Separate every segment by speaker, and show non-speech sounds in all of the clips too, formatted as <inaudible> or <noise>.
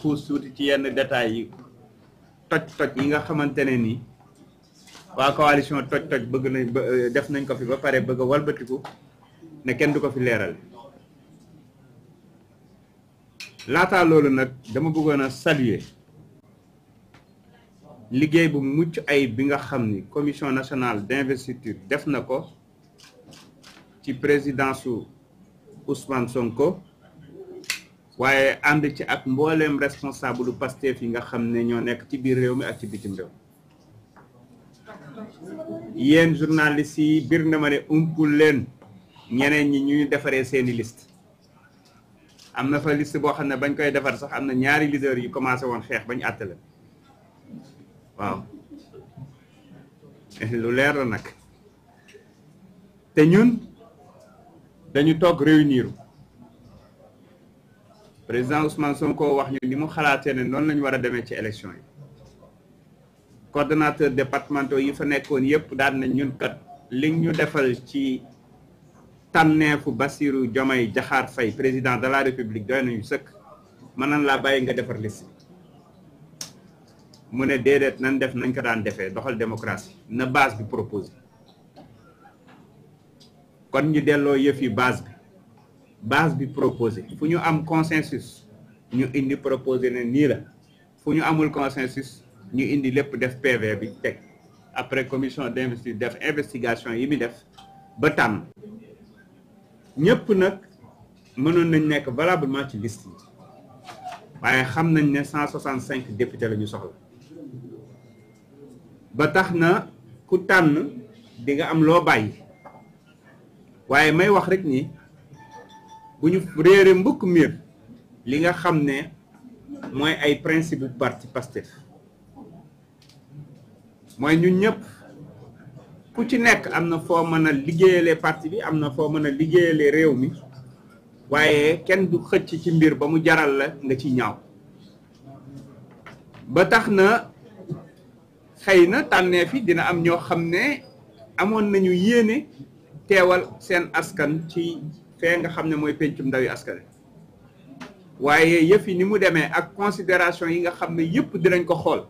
Speaker 1: xuus tuuti ci yenn détails yi toj-toj yi nga xamante ne ni waa coalition toj-toj bëgg nañ euh, def nañ ko fi ba pare bëgg walbatiku ne kenn du ko fi leeral laataa loolu nag dama bëggoon a saluer liggéey bu mucc ay bi nga xam ni commission nationale d'investiture def na ko ci présidence su Ousmane Sonko. waaye ànd ci ak mbooleem responsable Pastef fii nga xam ne ñoo nekk ci biir réew mi ak ci bitim réew yéen journalistes yi bir na ma ne umpul leen ñeneen ñi ñuy defaree seeni list am na fa liste boo xam ne bañ koy defar sax am na ñaari leaders yu commencé woon xeex bañ àttale waaw eh, lu leer la nag te ñun dañu toog réunir président Ousmane koo wax ñu ni mu xalaatee ne noonu la ñu war a demee ci élection yi coordonnateur départementaux yi fa nekkoon yëpp daan nañ ñun kat li ñu defal ci tànneefu Bassirou Diomaye jaxaar fay président de la République doy nañu sëkk mën nañ laa bàyyi nga defar liste mu ne déedéet nan def nañ ko daan defee doxal démocratie na base bi proposé kon ñu delloo yëf yi base bi base bi proposé fu ñu am consensus ñu indi proposé ne nii la fu ñu amul consensus ñu indi lépp def PV bi teg après commission d'investi def investigation yi mu def ba tànn ñëpp nag mënoon nañ nekk valablement ci liste yi waaye xam nañ ne cent soixante cinq député la ñu soxla ba tax na ku tànn di nga am loo bàyyi waaye may wax rek ni bu ñu réere mbëkk miir li nga xam ne mooy ay principe bu parti Pastef mooy ñun ñëpp ku ci nekk am na foo mën a liggéeyalee parti bi am na foo mën a liggéeyalee réew mi waaye kenn du xëcc ci mbir ba mu jaral la nga ci ñaaw ba tax na xëy na tànneef yi dina am ñoo xam ne amoon nañu yéene teewal seen askan ci fee nga xam ne mooy pencum ndawi askan waaye yëf yi ni mu demee ak considération yi nga xam ne yëpp dinañ ko xool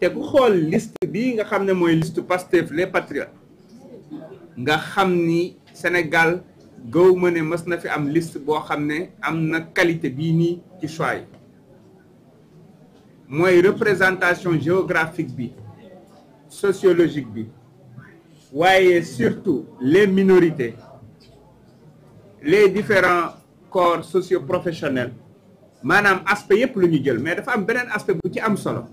Speaker 1: te ku xool list bi nga xam ne mooy liste Pastef les patriotes nga xam ni Sénégal gawuma ne mës na fi am liste boo xam ne am na qualité bii nii ci choix mooy représentation géographique bi sociologique bi waaye surtout les minorités les différent corps socio professionnel maanaam aspect yëpp lu ñu jël mais dafa am beneen aspect bu ci am solo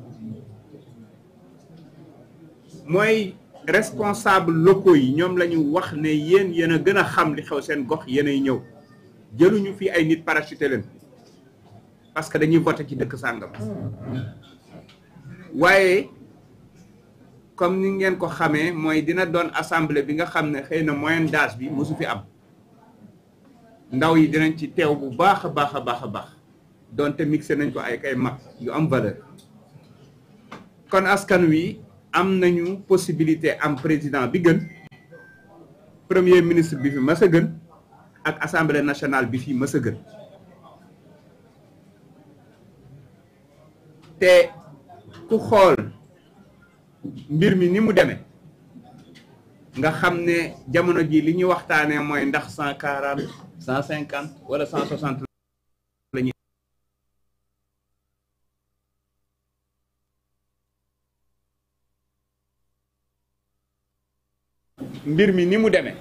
Speaker 1: mooy responsable locaux yi ñoom lañu wax ne yéen yéen a gën a xam li xew seen gox yéen ay ñëw jëluñu fi ay nit parachuté leen parce que dañuy voté ci dëkk sàngam waaye comme ni ngeen ko xamee mooy dina doon assemblée bi nga xam ne xëy na moyen d'âge bi mosu fi am ndaw yi dinañ ci teew bu baax a baax a baax a baax donte mixé nañ ko ay ay mag yu am valeur kon askan wi am nañu possibilité am président bi gën premier ministre bi fi mas gën ak assemblée nationale bi fi mas gën te ku xool mbir mi ni mu demee nga xam ne jamono ji li ñuy waxtaanee mooy ndax cent quarante cent cinquante wala cent soixante la mbir mi ni mu demee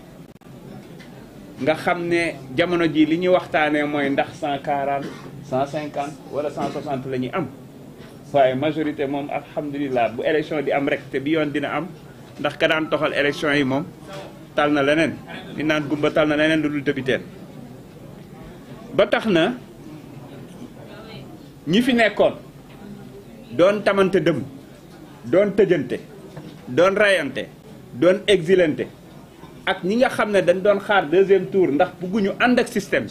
Speaker 1: nga xam ne jamono ji li ñuy waxtaanee mooy ndax cent quarante cent cinquante wala cent soixante la ñuy am waaye majorité moom alhamdulilah bu élection di am rek te bi yoon dina am ndax ka daan toxal élection yi moom tal na leneen li naan gumba tal na leneen lu dul débiteen ba tax na ñi fi nekkoon doon tamante dëmm doon tëjante doon rayante doon exilante ak ñi nga xam ne dañ doon xaar deuxième tour ndax bugguñu ànd ak système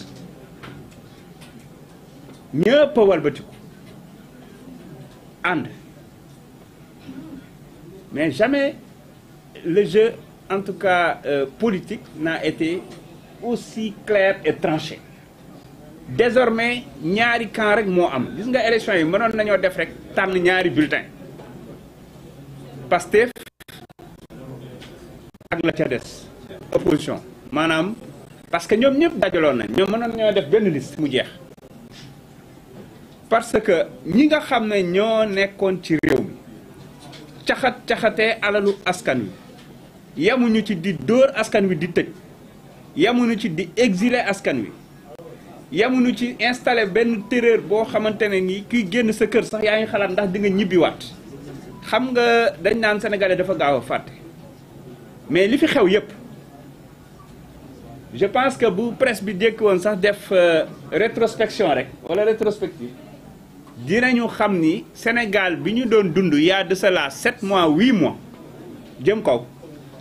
Speaker 1: bi ñëpp a walbatiku ànd mais jamais le jeu en tout cas euh, politique n'a été aussi claire et tranché désormais ñaari camp rek moo am gis nga élection yi mënoon nañoo def rek tànn ñaari bulletin Pastef ak la ca des opposition maanaam parce que ñoom ñëpp dajaloon na ñoom mënoon ñoo def benn liste mu jeex parce que ñi nga xam ne ñoo nekkoon ci réew mi caxat caxatee alalu askan wi yamuñu ci di dóor askan wi di tëj yamuñu ci di exiler askan wi yamuñu ci installé benn terreur boo xamante ne nii kuy génn sa kër sax yaa ngi xalaat ndax di nga waat xam nga dañ naan sénégalais dafa gaaw a fàtte mais li fi xew yépp je pense que bu presse bi jékki woon sax def euh, rétrospection rek wala rétrospective dinañu xam ni Sénégal bi ñu doon dund y a de cela mois huit mois jëm kaw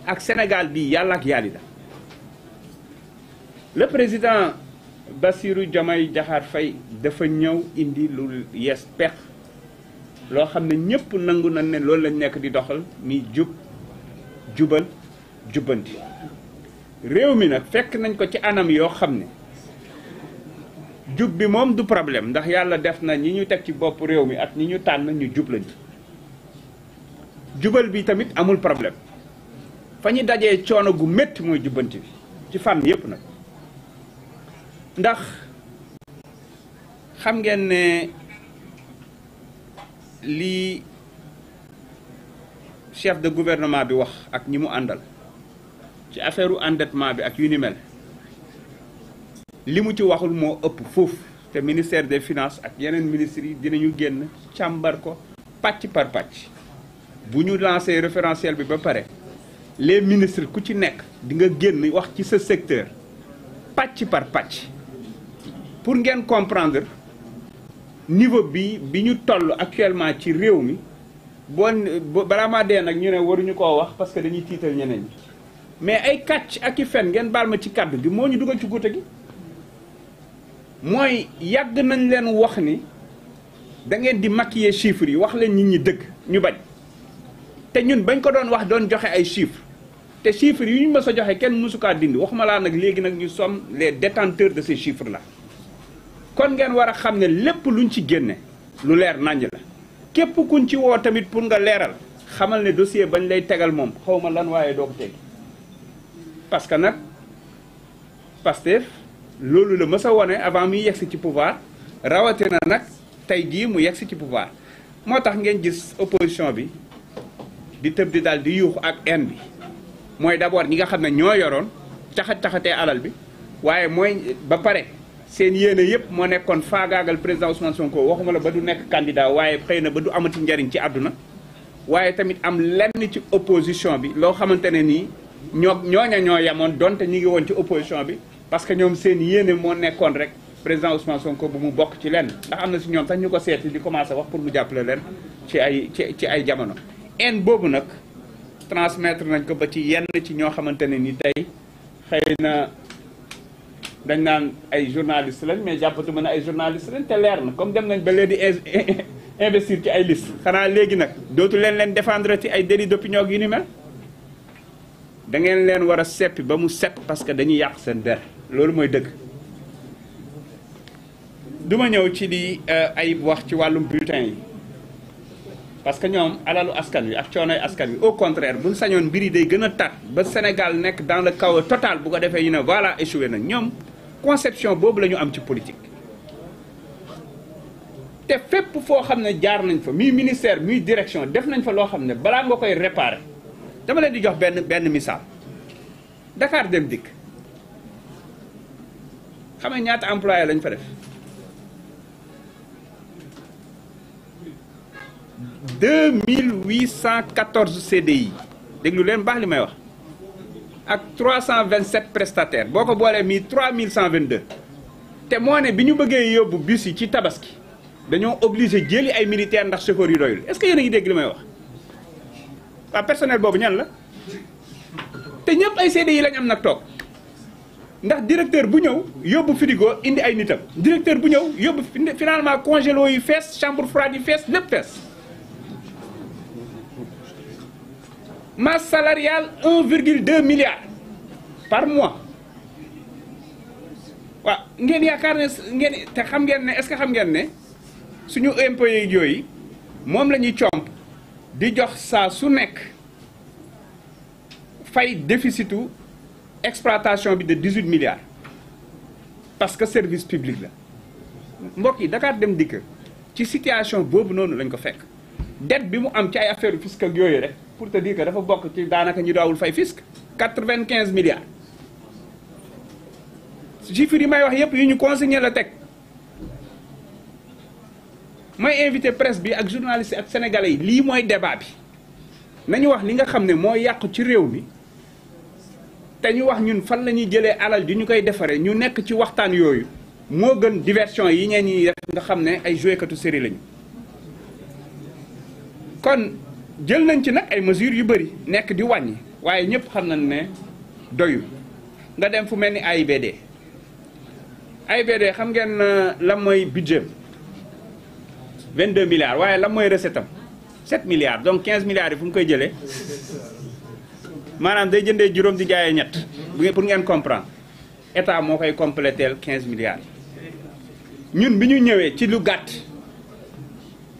Speaker 1: ak Sénégal bi yàlla ak yàlla la le président. Bassirou Diomaye Diakhar fay dafa ñëw indi lu yees peq loo xam ne ñëpp nangu nañ ne loolu lañ nekk di doxal mi jub jubal jubanti réew mi nag fekk nañ ko ci anam yoo xam ne jub bi moom du problème ndax yàlla def na ñi ñu teg ci bopp réew mi ak ñi ñu tànn ñu jub lañ jubal bi tamit amul problème fa ñu dajee coono gu métti mooy jubbanti bi ci fànn yëpp nag ndax xam ngeen ne lii chef de gouvernement bi wax ak ñi mu àndal ci affaire u endettement bi ak yu ni mel li mu ci waxul moo ëpp foofu te ministère des finance ak yeneen ministres yi dinañu génn càmbar ko pàcc par pàcc bu ñu lancé référentiel bi ba pare les ministres ku ci nekk dinga génn wax ci sa secteur pàcc par pàcc pour ngeen comprendre niveau bi bi ñu toll actuellement ci réew mi boo balaa maa dee nag ñu ne waruñu koo wax parce que dañuy tiital ñeneen ñi mais ay kàcc ak i fen ngeen baal ma ci kàddu gi moo ñu dugal ci guute mooy yàgg nañ leen wax ni da ngeen di maquiller chiffres yi wax leen nit ñi dëkk ñu bañ te ñun bañ ko doon wax doon joxe ay chiffres te chiffres yi ñu mës a joxe kenn mësu kaa dindi waxuma laa nag léegi nag ñu sommes les détenteurs de ces chiffres la kon ngeen war a xam ne lépp lu luñ ci génne lu leer naññ la képp kuñ ci woo tamit pour nga leeral xamal ne dossier bañ lay tegal moom xawma lan waaye doo ko teggi parce que nag Pastef loolu la mës a wone avant muy yegsi ci pouvoir rawatina nag tey jii mu yegsi ci pouvoir moo tax ngeen gis opposition bi di tëb di daal di yuuxu ak haine bi mooy d'abord ñi nga xam ne ñoo yoroon caxat caxatee alal bi waaye mooy ba pare. seen yéene yëpp moo nekkoon faagaagal président Ousmane Sonko waxuma la ba du nekk candidat waaye xëy na ba du amati njariñ ci àdduna waaye tamit am lenn ci opposition bi loo xamante ne nii ñoo ñoo yamoon donte ñu ngi woon ci opposition bi parce que ñoom seen yéene moo nekkoon rek président Ousmane Sonko bu mu bokk ci lenn ndax am na si ñoom sax ñu ko seeti di commencé wax pour mu jàppale leen ci ay ci ci ay jamono. en boobu nag transmettre nañ ko ba ci yenn ci ñoo xamante ne ni tey xëy na. dañ naan ay journaliste lañ mais jàppatuma ne ay journaliste lañ te leer na comme dem nañ ba leen di <laughs> investir ci ay liste xanaa léegi nag dootu leen leen défendre ci ay délit d'opinion yu ni mel dangeen leen war a seppi ba mu set parce que dañuy yàq seen der loolu mooy dëgg duma ñëw ci di euh, ay wax ci wàllum bulletin yi parce que ñoom alalu askan wi ak coonoy askan wi au contraire buñ sañoon mbir yi day gën a tat ba Sénégal nekk dans le chaos total bu ko defee yi ne voilà échoué na ñoom conception boobu la ñu am ci politique te fépp foo xam ne jaar nañ fa muy ministère muy direction def nañ fa loo xam ne balaa nga koy réparer dama leen di jox benn benn misaal Dakar dem dikk xam ñaata employé lañ fa def deux mille huit cent quatorze CDI déglu leen baax li may wax ak 327 prestataires boo ko boolee mii 3122 te moo ne bi ñu bëggee yóbbu bis yi ci tabaski dañoo obligé jëli ay militaires ndax chauffeurs yu doyul est-ce que yéen a ngi dégg li may wax waa personnel boobu ñan la te ñëpp ay CDI lañ am nag toog ndax directeur bu ñëw yóbbu frigo indi ay nitam directeur bu ñëw yóbbu finalement congélo yi fees chambre froide yi fees lépp fees masse salariale 1,2 milliard par mois waaw ngeen yaakaar ne ngeen te xam ngeen ne est-ce que xam ngeen ne suñu employés yooyu moom la ñuy comp di jox saa su nekk fay déficitu exploitation bi de dix 18 milliards parce que service public la mbokk yi Dakar Dem Dikk ci situation boobu noonu lañ ko fekk dette bi mu am ci ay affaires fiscales yooyu rek. pour te dire ko dafa bokk ci daanaka ñu daawul fay fisc quatre-vingt-quinze milliards chiffres yi may wax yëpp yu ñu consigné la teg may invité presse bi ak journaliste ak sénégalais yi lii mooy débat bi nañu wax li nga xam ne moo yàqu ci réew mi te ñu wax ñun fan la ñuy jëlee alal di ñu koy defaree ñu nekk ci waxtaan yooyu moo gën diversion yi ñeen ñi nga xam ne ay jouekatu série lañu kon jël nañ ci nag ay mesures yu bëri nekk di wàññi waaye ñëpp xam nañ ne doyu nga dem fu mel ni AIBD AIBD xam ngeen euh, lan mooy budget 22 milliards waaye lan mooy recette am 7 milliards donc 15 milliards yi fu mu koy jëlee maanaam day jëndee juróom di jaayee ñett pour ngeen comprendre état moo koy compléteel 15 milliards ñun bi ñu ñëwee ci lu gàtt.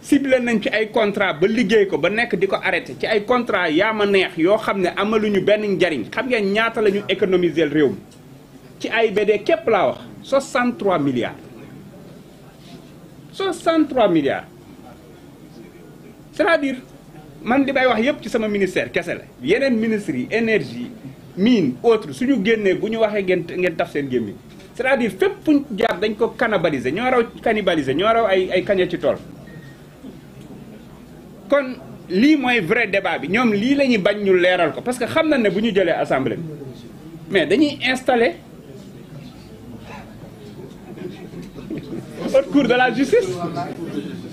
Speaker 1: ciblé nañ ci ay contrat ba liggéey ko ba nekk di ko arrêté ci ay contrat yaa ma neex yoo xam ne amaluñu benn njariñ xam ngeen ñaata la ñu économiser réew mi ci ay AIBD képp laa wax 63 milliards 63 milliards c'est-à-dire man li may wax yépp ci sama ministère kese la yeneen ministres yi énergie miine autre suñu génnee bu ñu waxee ngeen ngeen taf seen gémmiñ c'est-à-dire fépp jaar dañ ko cannibaliser ñoo raw cannibaliser ñoo raw ay ay kaña ci tool kon lii mooy vrai débat bi ñoom lii la ñuy bañ ñu leeral ko parce que xam na ne bu ñu jëlee assemblée bi mais dañuy installer haute cour de la justice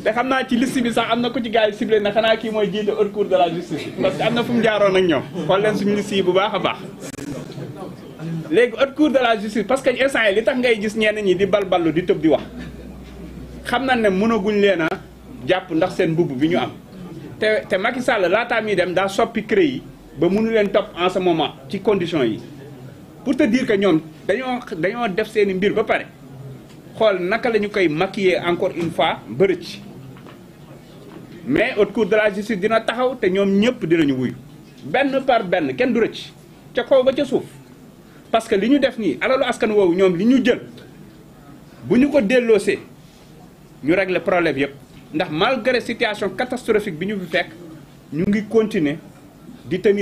Speaker 1: te xam naa ci liste bi sax am na ko ci gars yi ciblé na xanaa kii mooy jiite haute cour de la justice parce que am na fu mu jaaroon ak ñoom xool leen suñu liste yi bu baax a baax léegi haute cour de la justice parce que instant yi li tax ngay gis ñenn ñi di balballu di tëb di wax xam na ne mënaguñ leen a jàpp ndax seen mbubb bi ñu am te te Macky Sall laataa muy dem daa soppi CREI yi ba mënu leen topp en ce moment ci condition yi pour te dire que ñoom dañoo dañoo def seeni mbir ba pare xool naka lañu ñu koy maquiller encore une fois bërëc mais haute cour de la justice dina taxaw te ñoom ñëpp dinañu wuyu benn par benn kenn du rëcc ca kaw ba ca suuf parce que li ñu def nii alalu askan woowu ñoom li ñu jël bu ñu ko delloosee ñu régler problème yëpp. ndax malgré situation catastrophique bi ñu fi fekk ñu ngi continuer di tenir